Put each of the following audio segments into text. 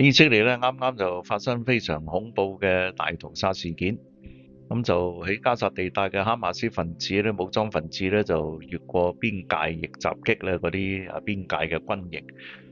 以色列咧啱啱就發生非常恐怖嘅大屠殺事件，咁就喺加沙地帶嘅哈馬斯分子嗰啲武裝分子咧，就越過邊界，逆襲擊咧嗰啲啊邊界嘅軍營。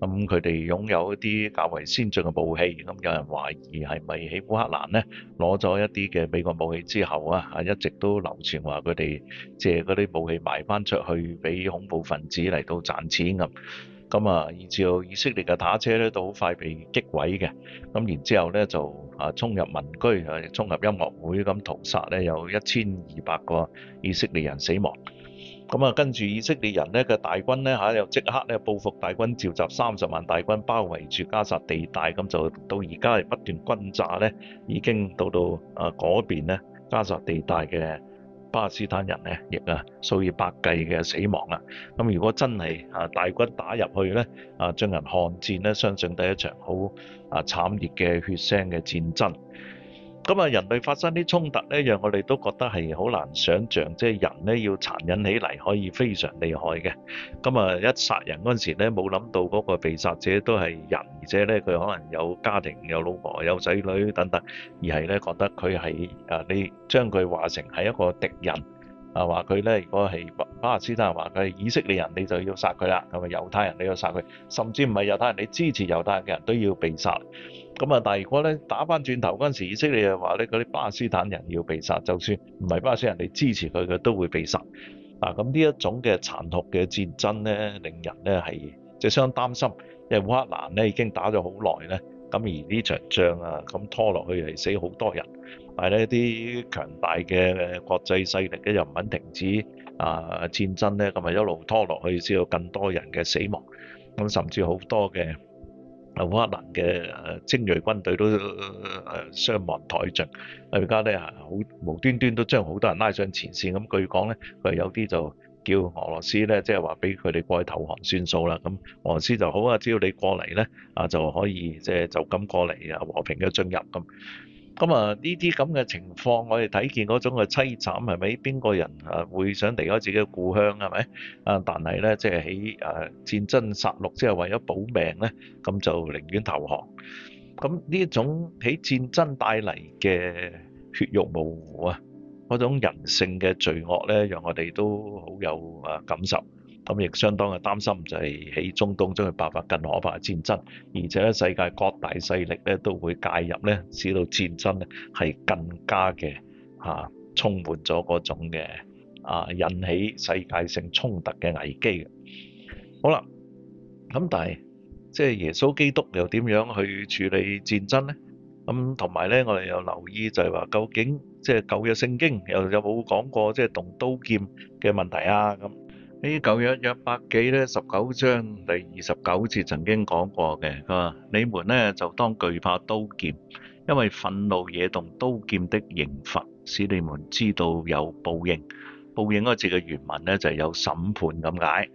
咁佢哋擁有一啲較為先進嘅武器，咁有人懷疑係咪喺烏克蘭咧攞咗一啲嘅美國武器之後啊，一直都流傳話佢哋借嗰啲武器賣翻出去俾恐怖分子嚟到賺錢咁。咁啊，以至以色列嘅打車咧，都好快被擊毀嘅。咁然之後咧，就啊衝入民居，啊衝入音樂會，咁屠殺咧，有一千二百個以色列人死亡。咁啊，跟住以色列人咧嘅大軍咧嚇，又即刻咧報復，大軍召集三十萬大軍包圍住加薩地帶，咁就到而家係不斷轟炸咧，已經到到啊嗰邊咧加薩地帶嘅。巴基斯坦人咧，亦啊數以百計嘅死亡啦。咁如果真係啊大軍打入去咧，啊將人悍戰咧，相信第一場好啊慘烈嘅血腥嘅戰爭。咁啊，人類發生啲衝突咧，讓我哋都覺得係好難想像，即係人咧要殘忍起嚟，可以非常厲害嘅。咁啊，一殺人嗰陣時咧，冇諗到嗰個被殺者都係人，而且咧佢可能有家庭、有老婆、有仔女等等，而係咧覺得佢係啊，你將佢話成係一個敵人。啊！話佢咧，如果係巴勒斯坦人話佢係以色列人，你就要殺佢啦。咁啊，猶太人你要殺佢，甚至唔係猶太人，你支持猶太人嘅人都要被殺。咁啊，但係如果咧打翻轉頭嗰陣時，以色列又話咧嗰啲巴勒斯坦人要被殺，就算唔係巴勒斯坦人，你支持佢佢都會被殺。嗱，咁呢一種嘅殘酷嘅戰爭咧，令人咧係即相當擔心，因為烏克蘭咧已經打咗好耐咧。咁而呢場仗啊，咁拖落去係死好多人，但係呢啲強大嘅國際勢力咧又唔肯停止啊戰爭咧，咁咪一路拖落去，先有更多人嘅死亡，咁甚至好多嘅烏克蘭嘅精鋭軍隊都誒傷亡殆盡。而家咧好無端端都將好多人拉上前線，咁據講咧，佢有啲就～叫俄羅斯咧，即係話俾佢哋過去投降算數啦。咁俄羅斯就好啊，只要你過嚟咧，啊就可以即係就咁過嚟啊和平嘅進入咁。咁啊呢啲咁嘅情況，我哋睇見嗰種嘅凄慘係咪？邊個人啊會想離開自己嘅故鄉係咪？啊，但係咧即係喺誒戰爭殺戮之後，為咗保命咧，咁就寧願投降。咁呢一種喺戰爭帶嚟嘅血肉模糊啊！嗰種人性嘅罪惡咧，讓我哋都好有啊感受，咁亦相當嘅擔心就係喺中東將會爆發更可怕嘅戰爭，而且咧世界各大勢力咧都會介入咧，使到戰爭咧係更加嘅啊充滿咗嗰種嘅啊引起世界性衝突嘅危機。好啦，咁但係即係耶穌基督又點樣去處理戰爭咧？咁同埋咧，我哋又留意就係話究竟。即係舊約聖經又沒有冇講過即係動刀劍嘅問題啊咁？呢舊約約伯記咧十九章第二十九節曾經講過嘅，佢話你們咧就當懼怕刀劍，因為憤怒惹動刀劍的刑罰，使你們知道有報應。報應嗰字嘅原文咧就係有審判咁解。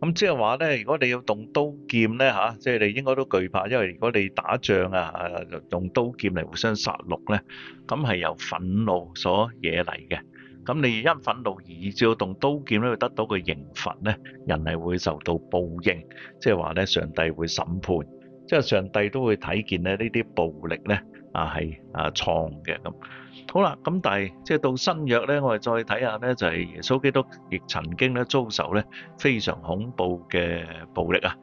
咁即係話咧，如果你要動刀劍咧吓，即係你應該都懼怕，因為如果你打仗啊，啊用刀劍嚟互相殺戮咧，咁係由憤怒所惹嚟嘅。咁你因憤怒而要動刀劍咧，會得到個刑罰咧，人係會受到報應，即係話咧，上帝會審判，即係上帝都會睇見咧呢啲暴力咧啊係啊創嘅咁。好啦，咁但係即係到新約咧，我哋再睇下咧，就係耶穌基督亦曾經咧遭受咧非常恐怖嘅暴力啊！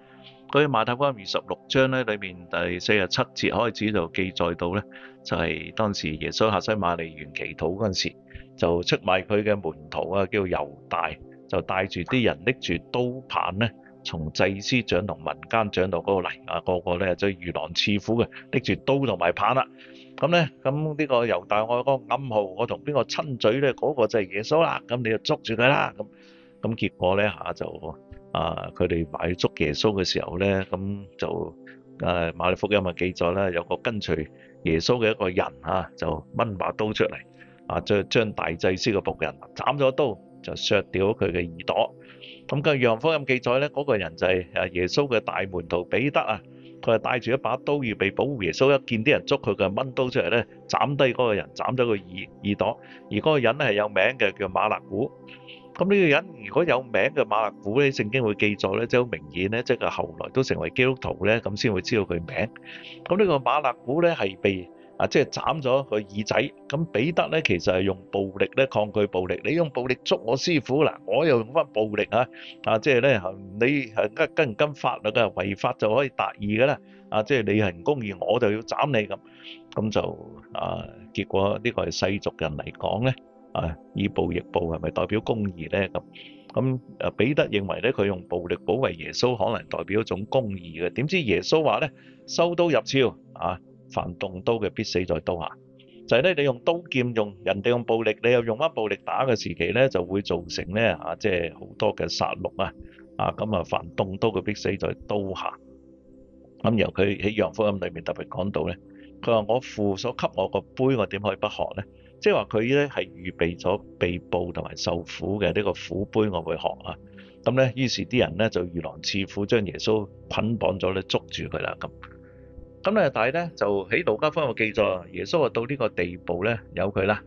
佢馬太福音二十六章咧裏面第四十七節開始就記載到咧，就係當時耶穌下西馬利園祈禱嗰陣時，就出賣佢嘅門徒啊，叫猶大，就帶住啲人拎住刀棒咧。從祭司長同民間長到嗰個嚟啊，那個個咧就如狼似虎嘅，拎住刀同埋棒啦。咁咧，咁呢個猶大我講暗號，我同邊個親嘴咧，嗰、那個就係耶穌啦。咁、那個、你就捉住佢啦。咁咁結果咧嚇就啊，佢哋埋捉耶穌嘅時候咧，咁就誒、啊、馬利福音啊記載啦，有一個跟隨耶穌嘅一個人嚇就掹把刀出嚟啊，將將大祭司嘅僕人斬咗刀，就削掉佢嘅耳朵。咁《約翰福音》咁記載咧，嗰、嗰個人就係耶穌嘅大門徒彼得啊，佢係帶住一把刀預備保護耶穌，一見啲人捉佢，嘅掹刀出嚟咧，斬低嗰個人，斬咗個耳耳朵。而嗰個人係有名嘅，叫馬勒古。咁呢個人如果有名嘅馬勒古咧，聖經會記載咧，即係好明顯咧，即係後來都成為基督徒咧，咁先會知道佢名。咁呢個馬勒古咧係被。啊！即係斬咗佢耳仔，咁彼得咧，其實係用暴力咧抗拒暴力。你用暴力捉我師傅嗱，我又用翻暴力啊！啊！即係咧，你係跟唔跟法律噶，違法就可以達義噶啦。啊！即係你行公義，我就要斬你咁。咁就啊，結果呢個係世俗人嚟講咧，啊，以暴易暴係咪代表公義咧？咁咁啊，彼得認為咧，佢用暴力保衞耶穌，可能代表一種公義嘅。點知耶穌話咧，收刀入鞘啊！凡動刀嘅必死在刀下，就係、是、咧你用刀劍用，人哋用暴力，你又用返暴力打嘅時期咧，就會造成咧嚇，即係好多嘅殺戮啊！啊咁啊，凡動刀嘅必死在刀下。咁由佢喺《約翰福音》裏面特別講到咧，佢話：我父所給我個杯，我點可以不喝咧？即係話佢咧係預備咗被捕同埋受苦嘅呢、這個苦杯，我會喝啊！咁咧，於是啲人咧就如狼似虎，將耶穌捆綁咗咧，捉住佢啦咁。咁咧，但係咧就喺路加福音又記載，耶穌話到呢個地步咧，由佢啦。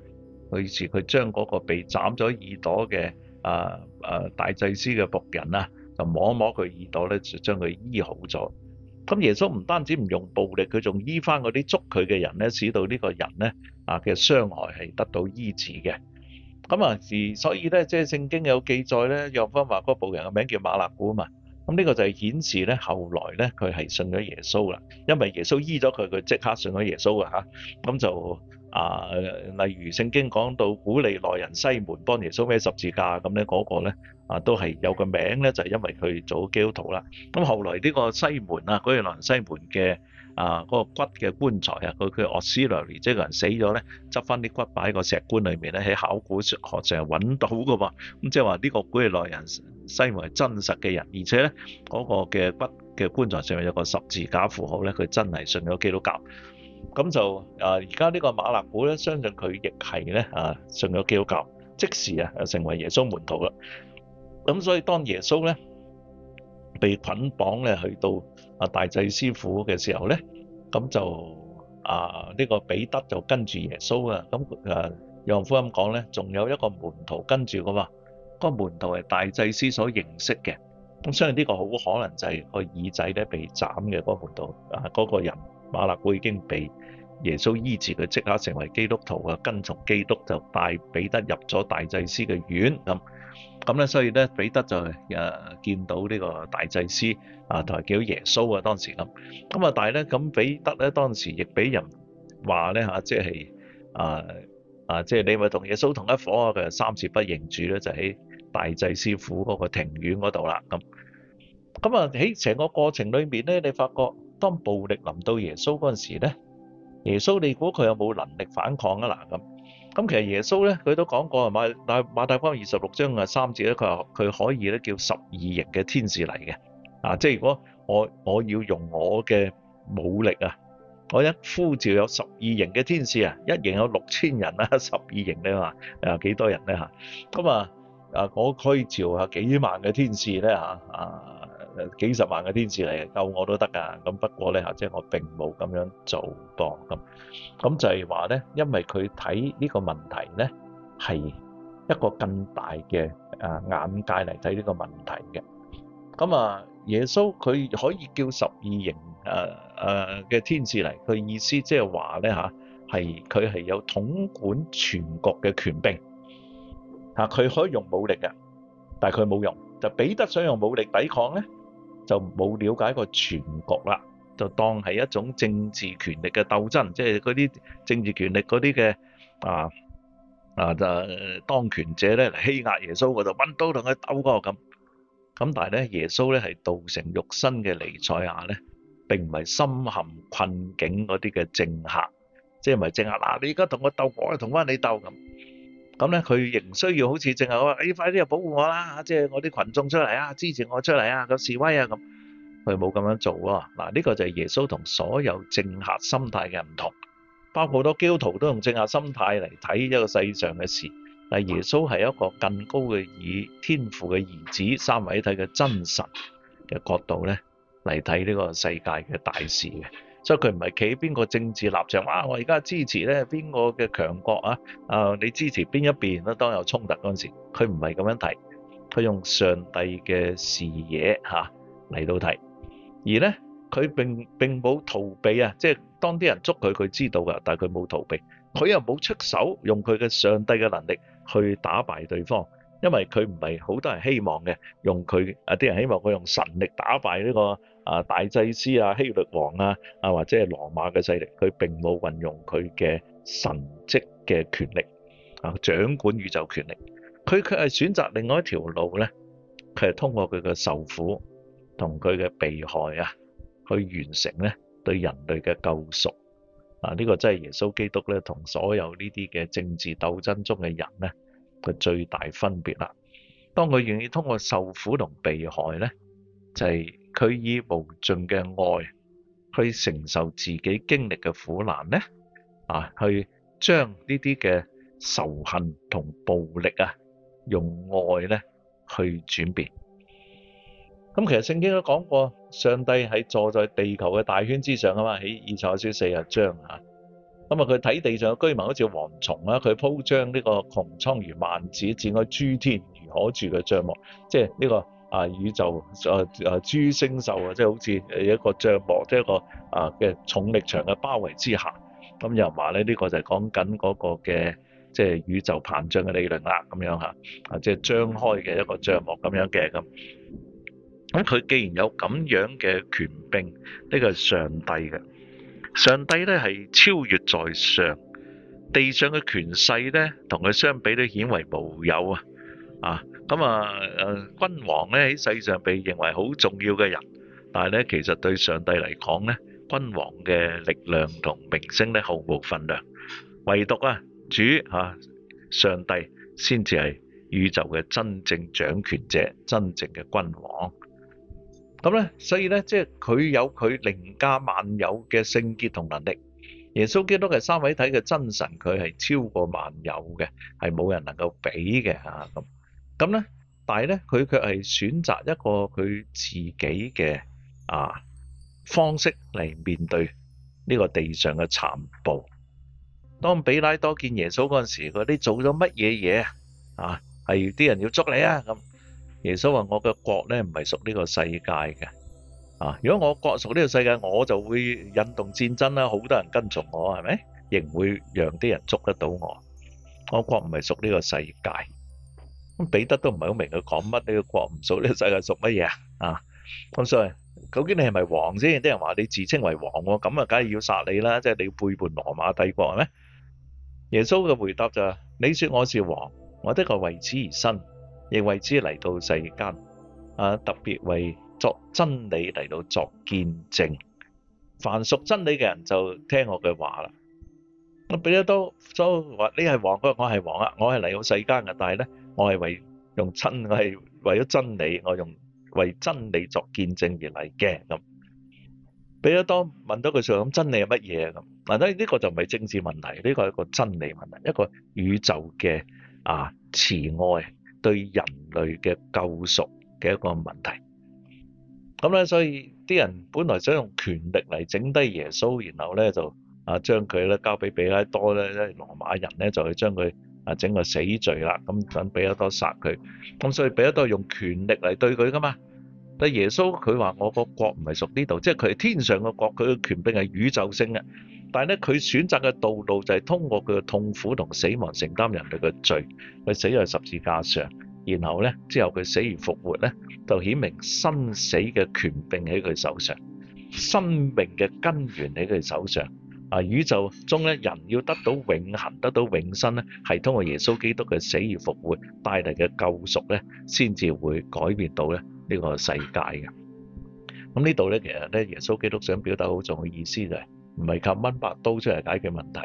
於是佢將嗰個被斬咗耳朵嘅、呃呃、大祭司嘅僕人啦，就摸摸佢耳朵咧，就將佢醫好咗。咁、嗯、耶穌唔單止唔用暴力，佢仲醫翻嗰啲捉佢嘅人咧，使到呢個人咧啊嘅傷害係得到醫治嘅。咁、嗯、啊，而所以咧，即係聖經有記載咧，約翰福音話嗰個僕人嘅名叫馬勒古啊嘛。咁、這、呢個就係顯示咧，後來咧佢係信咗耶穌啦，因為耶穌醫咗佢，佢即刻信咗耶穌㗎。嚇。咁就啊，例如聖經講到古利奈人西門幫耶穌孭十字架咁咧，嗰、那個咧啊都係有個名咧，就係、是、因為佢做咗基督徒啦。咁後來呢個西門啊，古利奈人西門嘅。啊！嗰、那個、骨嘅棺材啊，佢佢俄斯良即個人死咗咧，執翻啲骨擺喺個石棺裏面咧，喺考古學上揾到噶噃。咁即係話呢個古利奈人西門係真實嘅人，而且咧嗰、那個嘅骨嘅棺材上面有個十字架符號咧，佢真係信咗基督教。咁就啊，而家呢個馬勒古咧，相信佢亦係咧啊，信咗基督教，即時啊成為耶穌門徒啦。咁所以當耶穌咧。被捆綁咧，去到啊大祭司府嘅時候咧，咁就啊呢、這個彼得就跟住耶穌啊，咁啊楊夫咁講咧，仲有一個門徒跟住噶嘛，嗰、那個門徒係大祭司所認識嘅，咁相信呢個好可能就係個耳仔咧被斬嘅嗰、那個門徒啊，嗰、那個人馬勒古已經被耶穌醫治佢，即刻成為基督徒啊，跟從基督就帶彼得入咗大祭司嘅院咁。咁咧，所以咧，彼得就誒見到呢個大祭司啊，同埋見到耶穌啊，當時咁。咁啊，但係咧，咁彼得咧當時亦俾人話咧嚇，即係啊啊，即、啊、係、啊就是、你咪同耶穌同一伙啊！佢三次不認主咧，就喺大祭司府嗰個庭院嗰度啦。咁咁啊，喺、啊、成個過程裏面咧，你發覺當暴力臨到耶穌嗰陣時咧，耶穌你估佢有冇能力反抗啊？嗱咁。咁其實耶穌咧，佢都講過啊，馬大馬太福音二十六章啊三節咧，佢話佢可以咧叫十二營嘅天使嚟嘅啊，即係如果我我要用我嘅武力啊，我一呼召有十二營嘅天使啊，一營有六千人啊，十二營你嘛啊幾多人咧嚇？咁啊啊，我可以召啊幾萬嘅天使咧嚇啊！誒，幾十萬嘅天使嚟救我都得噶。咁不過咧吓，即係我並冇咁樣做多。咁咁就係話咧，因為佢睇呢個問題咧，係一個更大嘅誒眼界嚟睇呢個問題嘅。咁啊，耶穌佢可以叫十二營誒誒嘅天使嚟，佢意思即係話咧吓，係佢係有統管全國嘅權柄，吓，佢可以用武力啊，但係佢冇用，就彼得想用武力抵抗咧。就冇了解過全局啦，就當係一種政治權力嘅鬥爭，即係嗰啲政治權力嗰啲嘅啊啊就當權者咧，欺壓耶穌嗰度揾刀同佢鬥嗰個咁，咁但係咧耶穌咧係道成肉身嘅彌賽亞，下咧並唔係深陷困境嗰啲嘅政客，即係唔係政客嗱？你而家同我鬥，我係同翻你鬥咁。咁咧，佢仍需要好似正係我話，你快啲保護我啦！即係我啲群眾出嚟啊，支持我出嚟啊，個示威啊咁，佢冇咁樣做喎。嗱，呢個就係耶穌同所有政客心態嘅唔同，包括好多基督徒都用政客心態嚟睇一個世上嘅事，但耶穌係一個更高嘅以天父嘅兒子、三位一體嘅真神嘅角度咧嚟睇呢個世界嘅大事嘅。所以佢唔係企喺邊個政治立場，哇！我而家支持咧邊個嘅強國啊？啊、呃，你支持邊一邊咧？當有衝突嗰陣時候，佢唔係咁樣睇，佢用上帝嘅視野嚇嚟、啊、到睇。而咧，佢並並冇逃避啊！即係當啲人捉佢，佢知道噶，但係佢冇逃避。佢又冇出手，用佢嘅上帝嘅能力去打敗對方，因為佢唔係好多人希，人希望嘅，用佢啊啲人希望佢用神力打敗呢、這個。啊！大祭司啊，希律王啊，啊或者係羅馬嘅勢力，佢並冇運用佢嘅神職嘅權力啊，掌管宇宙權力。佢卻係選擇另外一條路咧，佢係通過佢嘅受苦同佢嘅被害啊，去完成咧對人類嘅救贖啊！呢、這個真係耶穌基督咧，同所有呢啲嘅政治鬥爭中嘅人咧，佢最大分別啦。當佢願意通過受苦同被害咧，就係、是。佢以無盡嘅愛去承受自己經歷嘅苦難咧，啊，去將呢啲嘅仇恨同暴力啊，用愛咧去轉變。咁、嗯、其實聖經都講過，上帝喺坐在地球嘅大圈之上啊嘛，喺以賽亞書四十章啊。咁、嗯、啊，佢睇地上嘅居民好似蝗蟲啊，佢鋪張呢個窮蒼如萬子，展開諸天如可住嘅帳幕，即係呢、這個。啊！宇宙誒誒、啊啊、諸星宿啊，即係好似一個帳幕，即係一個啊嘅重力場嘅包圍之下。咁又人話咧，呢、呢個就係講緊嗰個嘅即係宇宙膨脹嘅理論啦，咁樣嚇啊！即係張開嘅一個帳幕咁樣嘅咁。咁佢既然有咁樣嘅權柄，呢、呢個係上帝嘅。上帝咧係超越在上，地上嘅權勢咧同佢相比都顯為無有啊！啊！咁啊，誒君王咧喺世上被認為好重要嘅人，但係咧其實對上帝嚟講咧，君王嘅力量同名聲咧毫無分量。唯獨啊，主啊上帝先至係宇宙嘅真正掌權者，真正嘅君王。咁咧，所以咧，即係佢有佢凌駕萬有嘅聖潔同能力。耶穌基督係三位體嘅真神，佢係超過萬有嘅，係冇人能夠比嘅嚇咁。咁咧，但係咧，佢卻係選擇一個佢自己嘅啊方式嚟面對呢個地上嘅殘暴。當比拉多見耶穌嗰陣時佢話：你做咗乜嘢嘢啊？係啲人要捉你啊！咁耶穌話：我嘅國咧唔係屬呢個世界嘅啊！如果我國屬呢個世界，我就會引動戰爭啦，好多人跟從我，係咪？亦唔會讓啲人捉得到我。我國唔係屬呢個世界。咁彼得都唔係好明佢講乜呢個國唔屬呢個世界屬乜嘢啊？啊，所以，究竟你係咪王先？啲人話你自稱為王喎，咁啊，梗係要殺你啦！即係你要背叛羅馬帝國係咩？耶穌嘅回答就係：你說我是王，我的確為此而生，亦為此嚟到世間啊，特別為作真理嚟到作見證。凡屬真理嘅人就聽我嘅話啦。我彼得都都話你係王，我我係王啊，我係嚟到世間嘅，但係咧。我係為用真，我係為咗真理，我用為真理作見證而嚟嘅咁。比拉多問到佢，想講，真理係乜嘢啊咁？嗱，呢、這、呢個就唔係政治問題，呢、這個係一個真理問題，一個宇宙嘅啊慈愛對人類嘅救贖嘅一個問題。咁咧，所以啲人本來想用權力嚟整低耶穌，然後咧就啊將佢咧交俾比拉多咧，羅馬人咧就去將佢。啊！整個死罪啦，咁等俾一刀殺佢，咁所以俾一刀用權力嚟，對佢噶嘛。但係耶穌佢話我個國唔係屬呢度，即係佢係天上嘅國，佢嘅權柄係宇宙性嘅。但係咧，佢選擇嘅道路就係通過佢嘅痛苦同死亡承擔人類嘅罪，佢死喺十字架上，然後咧之後佢死而復活咧，就顯明生死嘅權柄喺佢手上，生命嘅根源喺佢手上。啊！宇宙中咧，人要得到永恒，得到永生咧，係通過耶穌基督嘅死而復活帶嚟嘅救贖咧，先至會改變到咧呢個世界嘅。咁呢度咧，其實咧，耶穌基督想表達好重要意思就係唔係靠掹把刀出嚟解決問題，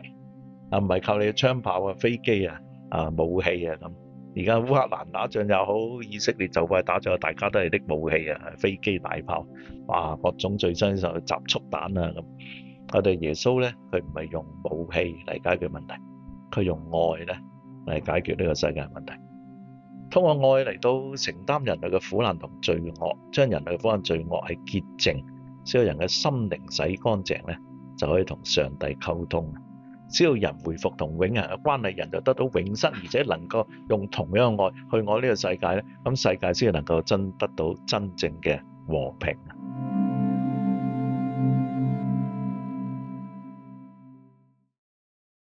啊，唔係靠你嘅槍炮啊、飛機啊、啊武器啊咁。而家烏克蘭打仗又好，以色列就快打仗，大家都係啲武器啊、飛機大炮，哇，各種最新就集束彈啊咁。我哋耶穌咧，佢唔係用武器嚟解決問題，佢用愛咧嚟解決呢個世界的問題。通過愛嚟到承擔人類嘅苦難同罪惡，將人類嘅苦難罪惡係潔淨，只要人嘅心靈洗乾淨咧，就可以同上帝溝通。只要人回復同永恆嘅關係，人就得到永生，而且能夠用同樣嘅愛去愛呢個世界咧，咁世界先能夠真得到真正嘅和平。